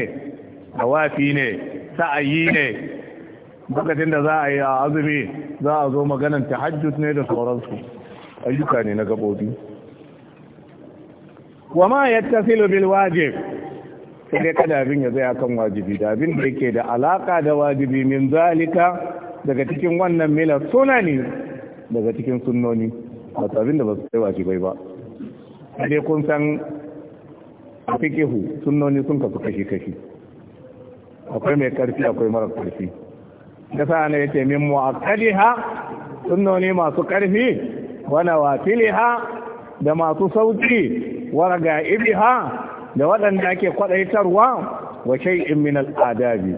S1: tawafi ne sa'ayi ne lokacin da za a yi a azumi za a zo maganan tahajjud ne da sauransu ayyuka ne na gabobi wa ma yattasilu bil wajib sai dai kada abin ya zai akan wajibi da abin da yake da alaka da wajibi min zalika daga cikin wannan mila sunani daga cikin sunnoni ba abin da ba su kai wajibai ba sai kun san fikihu sunnoni sun kasu kashi kashi akwai mai karfi akwai mara karfi da sa ne min mu'akkadiha sunnoni masu karfi wa nawafiliha da masu sauki wa raga'ibiha da waɗanda ake kwadaitarwa wa shay'in min al'adabi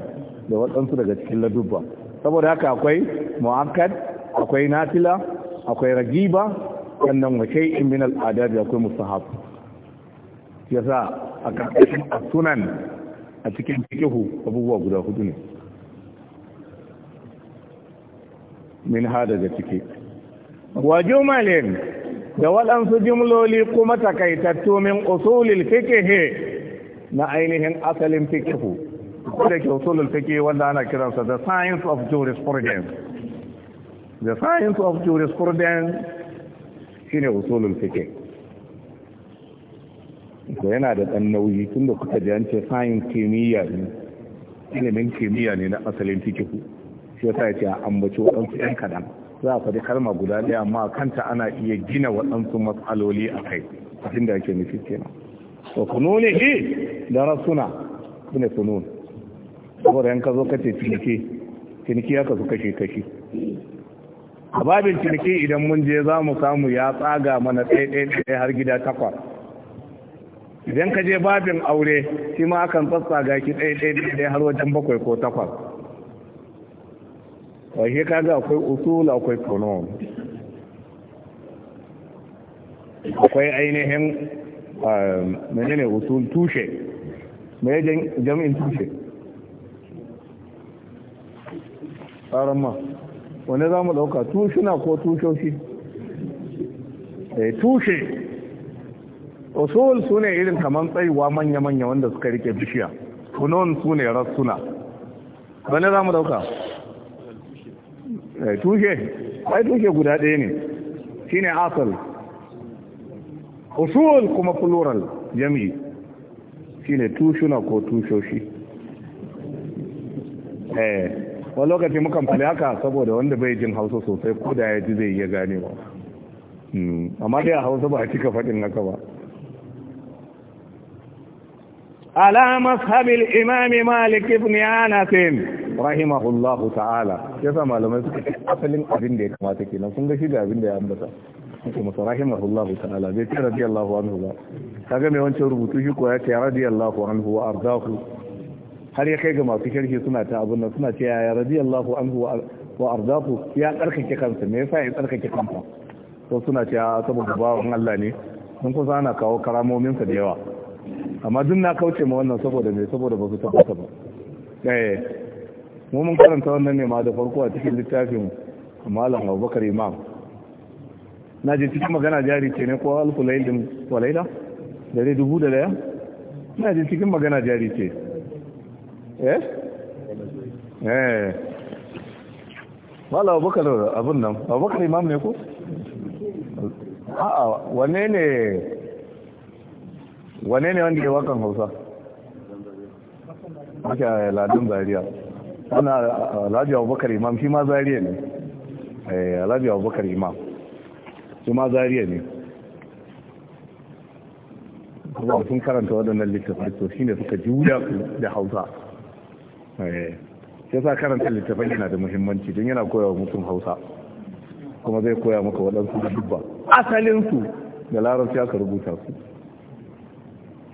S1: da waɗansu daga cikin ladubba saboda haka akwai mu'akkad akwai nafila akwai ragiba wannan wa shay'in min al'adabi akwai mustahab yasa a sunan a cikin fikihu abubuwa guda hudu ne min ha daga ciki wa jumalin da waɗansu jimloli kuma takaitattu min usulil fikihi na ainihin asalin fikihu da ke usulul fikihi wanda ana kiransa the science of jurisprudence the science of jurisprudence shine usulul fikihi to yana da ɗan nauyi tunda kuka ji an ce science kimiyya ne ilimin kimiyya ne na asalin fikihu shi yasa ya ce ambaci waɗansu ɗan kaɗan za a faɗi kalma guda ɗaya amma kanta ana iya gina waɗansu matsaloli a kai abin da ake nufi kenan to kununi ne da rasuna ne kunun saboda yanka zo kace ciniki ciniki ya kasu kashe kashe a babin ciniki idan mun je za mu samu ya tsaga mana ɗaya har gida takwas idan ka je babin aure shi ma akan tsatsaga ki ɗaya har wajen bakwai ko takwas washe kaga akwai usul akwai funun akwai ainihin um, menene usul tushe mai jam'in tushe tsarin ma wani za mu ɗauka tushina ko tushoshi eh, tushe usul su ne irin kamar tsayuwa manya-manya wanda suka rike bishiya kunon su ne rassuna wani za mu ɗauka Eh, tushe ai tushe guda ɗaya ne shine asal usul kuma plural jami'i shine tushuna ko tushoshi eh wani lokaci mukan fali haka saboda wanda bai jin hausa sosai ko da ya ji zai iya ganewa hmm, amma dai a hausa ba a cika faɗin haka ba على مذهب الإمام مالك بن أنس رحمه الله تعالى يسا معلومة أصل أبن ديك ما تكينا سنجا شجا أبن ديك أمبتا رحمه الله تعالى بيت رضي الله عنه با kaga mai wancan rubutu shi ko ya ce radiyallahu anhu wa ardahu har ya kai ga masu sharhi suna ta abun nan suna ce ya radiyallahu anhu wa ardahu ya tsarkake kansa me yasa ya tsarkake kansa to suna ce saboda bawon Allah ne sun kusa na kawo karamomin sa da yawa amma duk na kauce ma wannan saboda me saboda ba su tabbata ba ɗaya eh. mu mun karanta wannan ne ma da farko a cikin littafin malam Abubakar Imam na je cikin magana jari ce ne ko alkulailin walaila dare dubu da daya na je cikin magana jari ce eh eh malam Abubakar abun nan Abubakar Imam ne ko a'a wanne ne wane ne wanda ke wakan hausa ake a ladin zariya ana alhaji abubakar imam shi ma zariya ne eh, alhaji abubakar imam shi ma zariya ne kuma sun karanta waɗannan littafai to shine suka juya da hausa eh, ya sa karanta littafai yana da muhimmanci don yana koya wa mutum hausa kuma zai koya maka waɗansu dubba asalinsu da larabci aka rubuta su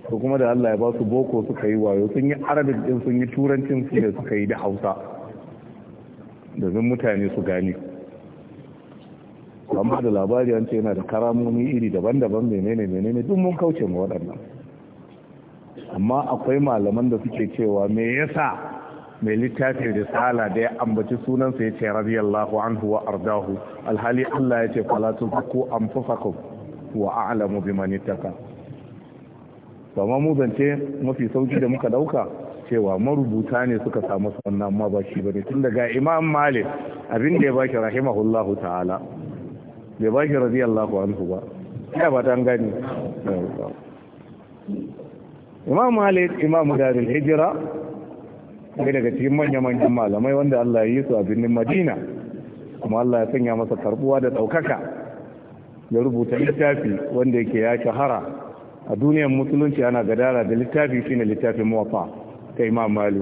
S1: su kuma da Allah ya ba su boko suka yi wayo sun yi arabic din sun yi turancin su da suka yi da hausa da zan mutane su gani an da labari an ce yana da karamomi iri daban-daban menene menene duk mun kauce ma waɗannan amma akwai malaman da suke cewa me yasa mai littafin risala da ya ambaci sunansa ya ce radiyallahu anhu wa ardahu alhali Allah ya ce falatun tuzaku anfusakum wa a'lamu bi manitaka amma mu zance mafi sauki da muka dauka cewa marubuta ne suka samu sannan ma ba shi bane tun daga imam malik abin da ya bashi rahimahullahu ta'ala bai bashi radiyallahu anhu ba ya ba ta gani imam malik imam darul hijra ne daga cikin manya-manyan malamai wanda Allah ya yi su a birnin Madina kuma Allah ya sanya masa karbuwa da ɗaukaka ya rubuta littafi wanda yake ya shahara a duniyar musulunci ana gadara da littafi shine littafin muwafa ta imam mali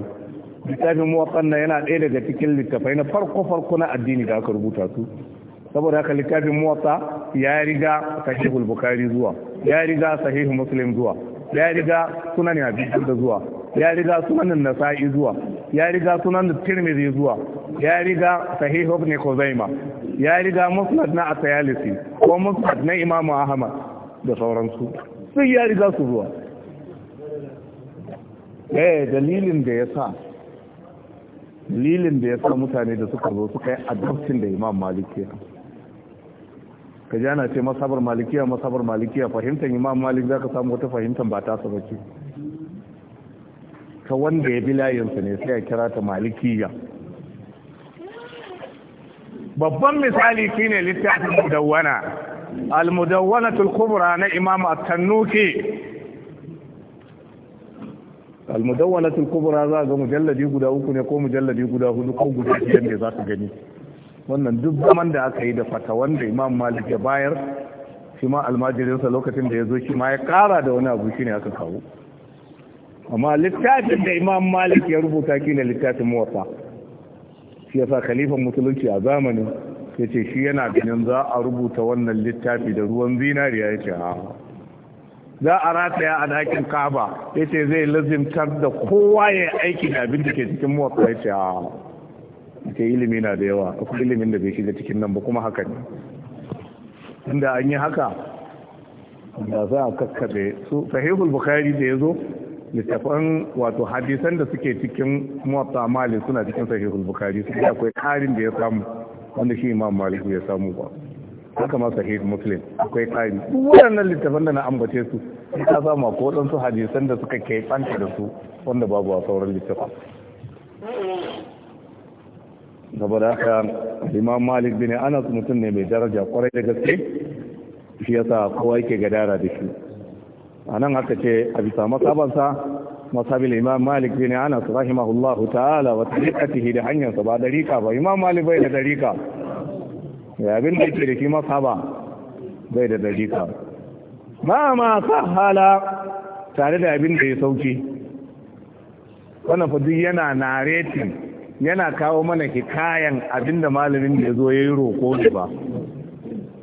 S1: littafin muwafan nan yana ɗaya daga cikin littafai na farko farko na addini da aka rubuta su saboda haka littafin muwafa ya riga sahihul bukhari zuwa ya riga Sahihu muslim zuwa ya riga sunan abi da zuwa ya riga sunan nasa'i zuwa ya riga sunan tirmidhi zuwa ya riga sahih ibn khuzaima ya riga musnad na at-tayalisi ko musnad na imam ahmad da sauransu sai ya riga su zuwa eh dalilin da ya sa dalilin da ya sa mutane da suka zo suka yi adabcin da imam malikiya ka ji ana ce masabar malikiya masabar malikiya fahimtar imam malik za ka samu wata fahimtar ba ta saba ce ka wanda ya bi layinsa ne sai a kira ta malikiya babban misali shine littafin mudawwana al-mudawwanatul kubra na imam at-tannuki al-mudawwanatul kubra za ga mujalladi guda uku ne ko mujalladi guda hudu ko guda biyar ne za ka gani wannan duk zaman da aka yi da fata wanda imam malik ya bayar shi ma almajirinsa lokacin da ya zo shi ma ya kara da wani abu shine aka kawo amma littafin da imam malik ya rubuta shi ne littafin muwafa shi ya sa khalifan musulunci a zamanin ya ce shi yana ganin za a rubuta wannan littafi da ruwan zinariya ya ce ha za a rataya a dakin kaba ya ce zai lazimtar da kowa ya aiki da abin da ke cikin mawaka ya ce ha ke ilimi na da yawa akwai ilimin da bai shiga cikin nan ba kuma haka ne inda an yi haka da za a kakkaɓe su sahihul bukhari da ya zo littafan wato hadisan da suke cikin muwatta malik suna cikin sahihul bukhari su akwai karin da ya samu wanda shi imam malik ya samu ba haka ma sahih muslim akwai kai wannan littafin da na ambace su ka samu ko waɗansu hadisan da suka kai fanta da su wanda babu a sauran Gaba da haka imam malik bin anas mutum ne mai daraja kwarai da gaske shi yasa kowa yake gadara da shi a nan haka ce a bisa masabansa masabi imam malik bin anas rahimahullahu ta'ala wa tariqatihi da hanyar sa ba dariqa ba imam malik bai da dariqa ya abin da yake da shi masaba bai da dariqa ma ma sahala tare da abin da ya sauki wannan fa duk yana narrating yana kawo mana hikayan da malamin da ya zo ya yi roko ba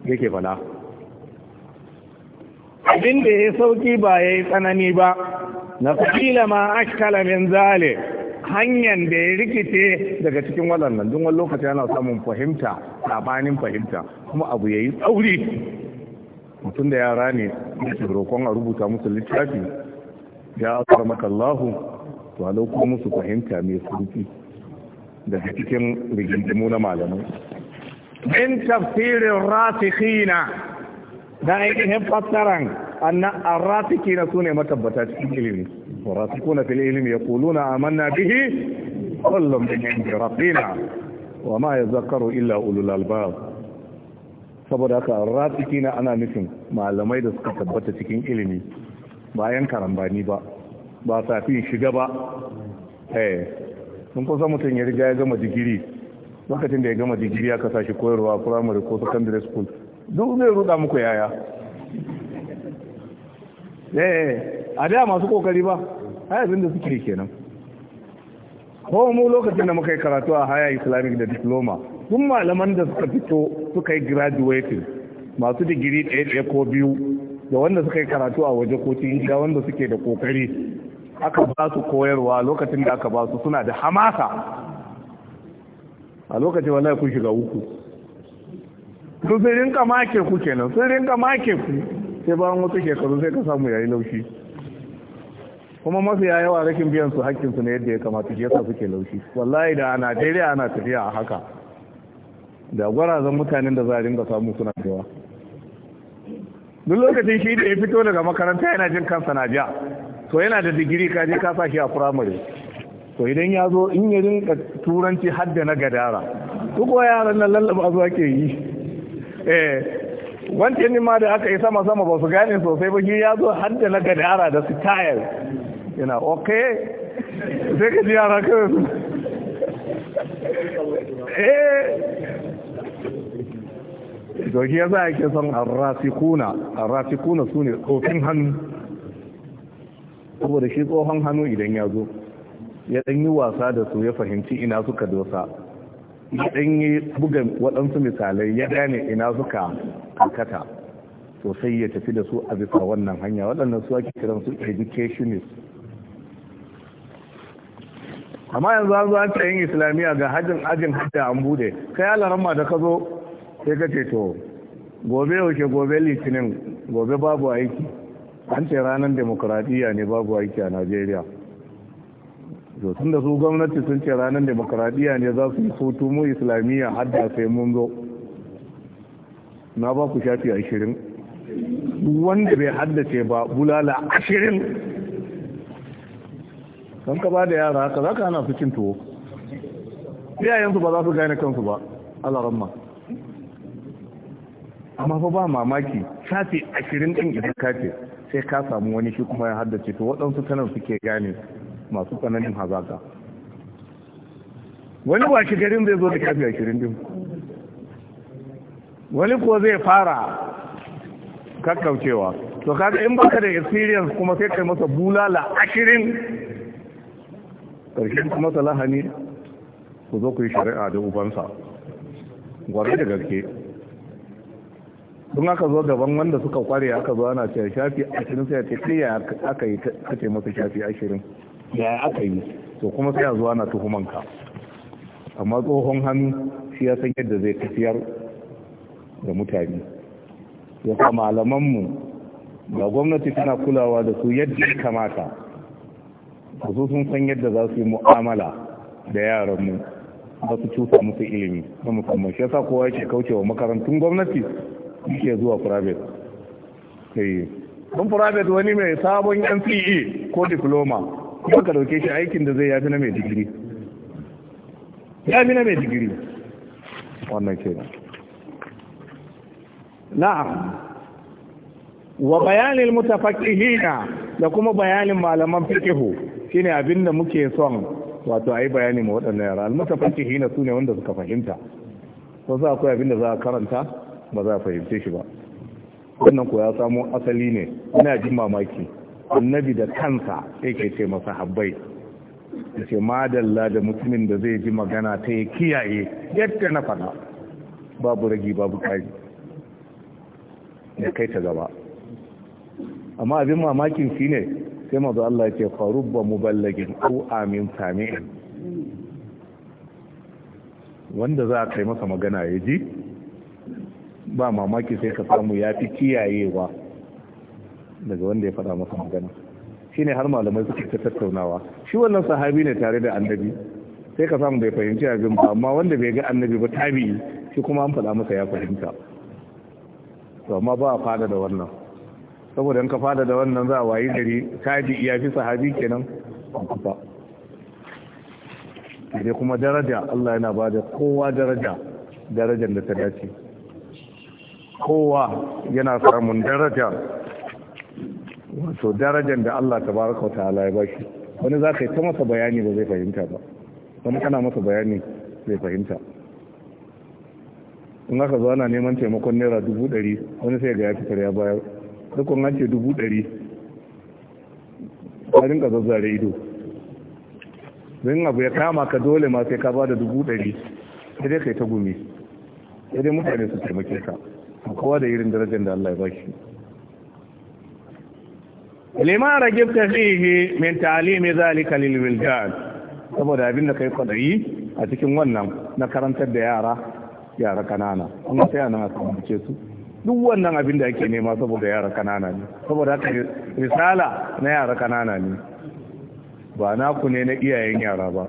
S1: yake fala abin da ya sauki ba ya yi tsanani ba na kila ma akala min zale hanyar da ya rikice daga cikin waɗannan duk wani lokaci yana samun fahimta sabanin fahimta kuma abu ya yi tsauri mutum da yara ne su roƙon a rubuta musu littafi ya asar makallahu to a lauko musu fahimta mai surfi daga cikin rigingimu na malamai In tafsirin rasikhina na ainihin fassaran annan arrafiki na sune matabbata cikin ilimi na fili ilimi ya a manna bihi kullum da indi na. wa ma zakaru illa ulul albab saboda haka na ana nufin malamai da suka tabbata cikin ilimi bayan karambani ba ba fi shiga ba eh mun kusa mutum ya riga ya gama digiri lokacin da ya gama digiri aka sashi koyarwa primary ko secondary school duk zai ruda muku yaya ee eh, a da masu kokari ba ai da suke kenan ko mu lokacin da muka yi karatu a haya islamic da diploma sun malaman da suka fito suka yi graduating masu digiri ɗaya ɗaya ko biyu da wanda suka yi karatu a waje ko cikin gida wanda suke da kokari aka ba su koyarwa lokacin da aka ba su suna da hamasa a lokacin wallahi kun shiga uku su sun rinka make ku kenan sun rinka make ku sai bayan wasu shekaru sai ka samu yayi laushi kuma masu ya yawa rakin biyan su hakkin su ne yadda ya kamata shi yasa suke laushi wallahi da a Najeriya ana tafiya a haka da gwarazan mutanen da za a rinka samu suna jawa duk lokacin shi da ya fito daga makaranta yana jin kansa na ja to yana da digiri ka je ka sa shi a firamare to idan ya zo in ya rinka turanci hadda na gadara duk wa yaran nan lallaba zuwa ke yi eh wancan ma da aka yi sama sama ba su gane sosai ba shi ya zo har da na gadara da su tayar yana ok sai ka ji yara kawai su eh to shi a yake son arrasikuna arrasikuna su ne tsofin hannu saboda shi tsohon hannu idan ya zo ya ɗan yi wasa da su ya fahimci ina suka dosa ya ɗan yi bugan waɗansu misalai ya gane ina suka kankata to sai ya tafi da su a bisa wannan hanya waɗannan su ake kiran su educationist amma yanzu an zo an ta yin islamiyya ga hajjin ajin hajja an bude kai alarama da ka zo sai ka ce to gobe yauke gobe litinin gobe babu aiki an ce ranar demokuraɗiyya ne babu aiki a najeriya to tunda su gwamnati sun ce ranar demokaradiyya ne za su yi hutu mu islamiyya hadda sai mun zo na ba ku shafi ashirin wanda bai haddace ba bulala ashirin kan ka ba da yara haka za ka hana su cin tuwo iyayensu ba za su gane kansu ba alaramma amma fa ba mamaki shafi ashirin ɗin idan ka sai ka samu wani shi kuma ya haddace to waɗansu tanar suke gane masu tsananin hazaka wani ba shi garin zai zo da kafi ashirin din wani ko zai fara kakkaucewa to kaga in baka da experience kuma sai kai masa bulala ashirin karshen kuma lahani ku zo ku yi shari'a da ubansa gwarai da gaske don aka zo gaban wanda suka kware aka zo ana cewa shafi ashirin sai ta tsaye aka yi kace masa shafi ashirin ya aka yi to kuma sai a zuwa na tuhumanka amma tsohon hannu shi ya san yadda zai tafiyar da mutane ya sa malamanmu ga gwamnati tana kulawa da su yadda ya kamata su sun san yadda za su yi mu'amala da yaranmu ba su cuta musu ilimi na musamman shi sa kowa yake kaucewa makarantun gwamnati yake zuwa private eh, don private wani mai sabon mce ko diploma kuma ka dauke shi aikin da zai yafi na mai digiri ya fi na mai digiri wannan kenan na'am wa bayanin mutafaqihina da kuma bayanin malaman fiqhu shine abin da muke son wato ayi bayani ma waɗannan yara al-mutafaqihina sune wanda suka fahimta ko za ku abin da za a karanta ba za a fahimce shi ba wannan ko ya samo asali ne ina jin mamaki annabi da kansa yake ce masa habbai ya ce madalla da mutumin da zai ji magana ta ya kiyaye yadda na fada babu ragi babu kari ya kai ta gaba amma abin mamakin shi ne sai mazu Allah ya ce mu ballagin ko amin sami'in wanda za a kai masa magana ya ji ba mamaki sai ka samu ya fi kiyayewa daga wanda ya faɗa masa magana ne har malamai suke ta tattaunawa shi wannan sahabi ne tare da annabi sai ka samu bai fahimci abin ba amma wanda bai ga annabi ba tabi'i shi kuma an fada masa ya fahimta to amma ba a fada da wannan saboda in ka fada da wannan za a wayi gari bi ya fi sahabi kenan kusa sai kuma daraja Allah yana ba da kowa daraja darajar da ta dace kowa yana samun daraja wato darajar da Allah ta baraka wa ta'ala ya bashi wani za ka yi ta masa bayani ba zai fahimta ba wani kana masa bayani zai fahimta in aka zo ana neman taimakon naira dubu ɗari wani sai ga ya fitar ya bayar dukkan an ce dubu ɗari a rinka zazzare ido don abu ya kama ka dole ma sai ka ba da dubu ɗari sai dai kai ta gumi sai dai mutane su taimake ka kowa da irin darajar da Allah ya bashi. lima ragibta fihi min ta'limi zalika lil wildan saboda abin da kai kwadayi a cikin wannan na karantar da yara yara kanana an sai anan aka ce su duk wannan abin da ake nema saboda yara kanana ne saboda haka risala na yara kanana ne ba na ku ne na iyayen yara ba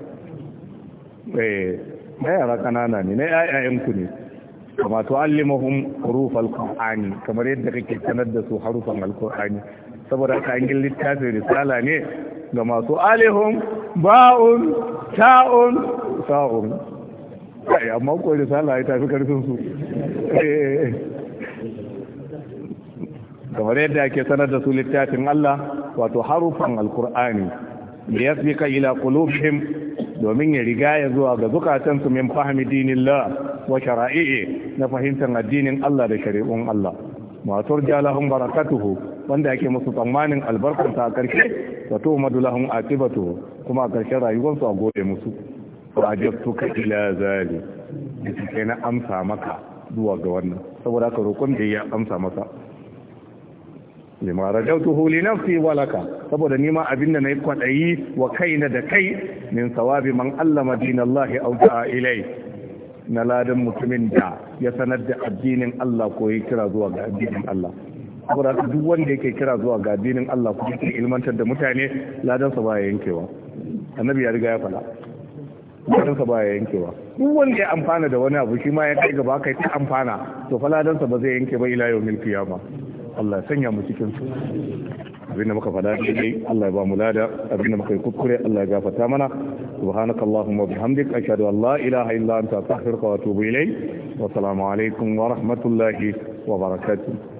S1: eh na yara kanana ne na iyayen ku ne kama tu'allimuhum hurufal qur'ani kamar yadda kake sanar da su harufan alqur'ani saboda haka an littafin risala ne ga masu alihun ba'un ta'un sa'un amma ko risala ya tafi karfin su kamar yadda ake sanar da su littafin Allah wato harufan alkur'ani da ya tsika ila qulubihim domin ya riga ya zuwa ga zukatan su min fahmi dinillah wa shara'i'i na fahimtar addinin Allah da shari'un Allah matur jalahum barakatuhu wanda ake musu tsammanin albarkarsa a karshe wa to madulahum aqibatu kuma a ƙarshen rayuwarsu a gode musu wa ajabtuka ila zali suke na amsa maka zuwa ga wannan saboda haka roƙon da ya amsa masa lima rajautuhu huli nafsi wa laka saboda ni ma abinda yi kwaɗayi wa kaina da kai min sawabi man Allah dinallahi aw da'a ilai na ladan mutumin da ya sanar da addinin Allah ko ya kira zuwa ga addinin Allah saboda duk wanda yake kira zuwa ga dinin Allah ku yake ilmantar da mutane ladan sa baya yankewa annabi ya riga ya fada ladan sa baya yankewa duk wanda ya amfana da wani abu shi ma ya kai gaba kai ta amfana to fa ladan sa ba zai yanke ba ila yawmil qiyama Allah ya sanya mu cikin su abin da muka fada dai Allah ya ba mu lada abin da muka yi kuskure Allah ya gafarta mana subhanaka allahumma bihamdik ashhadu an la ilaha illa anta astaghfiruka wa atubu ilayk wa assalamu alaikum wa rahmatullahi wa barakatuh